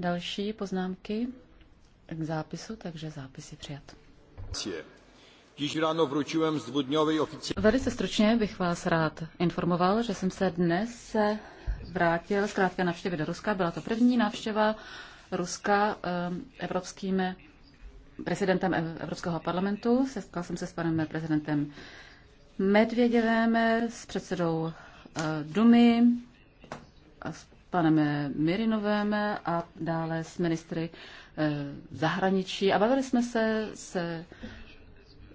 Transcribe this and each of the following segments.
další poznámky k zápisu, takže zápis je přijat. Velice stručně bych vás rád informoval, že jsem se dnes vrátil z krátké návštěvy do Ruska. Byla to první návštěva Ruska ehm, evropským prezidentem Evropského parlamentu. Setkal jsem se s panem prezidentem Medvěděvem, s předsedou eh, Dumy, a s panem Mirinovém a dále s ministry eh, zahraničí a bavili jsme se se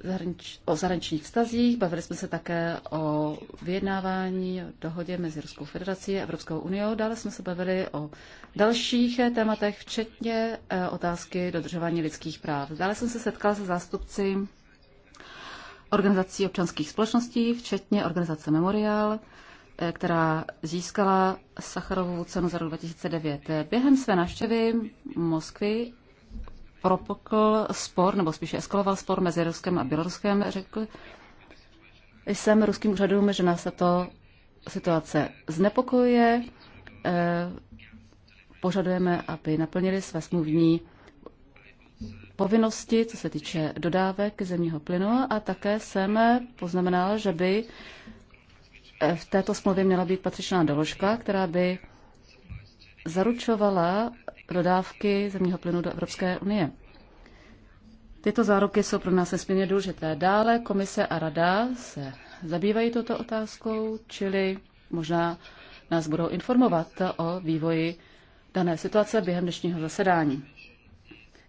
zahranič, o zahraničních vztazích, bavili jsme se také o vyjednávání, o dohodě mezi Ruskou federací a Evropskou unii. Dále jsme se bavili o dalších eh, tématech, včetně eh, otázky dodržování lidských práv. Dále jsem se setkal se zástupci organizací občanských společností, včetně organizace Memorial, Eh, která získala Sacharovou cenu za rok 2009. Během své návštěvy Moskvy propokl spor, nebo spíše eskaloval spor mezi Ruskem a Běloruskem. Řekl jsem ruským úřadům, že nás tato situace znepokojuje. Eh, požadujeme, aby naplnili své smluvní povinnosti, co se týče dodávek zemního plynu a také jsem poznamenal, že by v této smlouvě měla být patřičná doložka, která by zaručovala dodávky zemního plynu do Evropské unie. Tyto záruky jsou pro nás nesmírně důležité. Dále komise a rada se zabývají touto otázkou, čili možná nás budou informovat o vývoji dané situace během dnešního zasedání.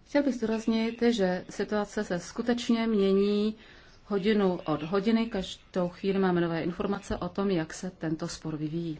Chtěl bych zdůraznit, že situace se skutečně mění hodinu od hodiny. Každou chvíli máme nové informace o tom, jak se tento spor vyvíjí.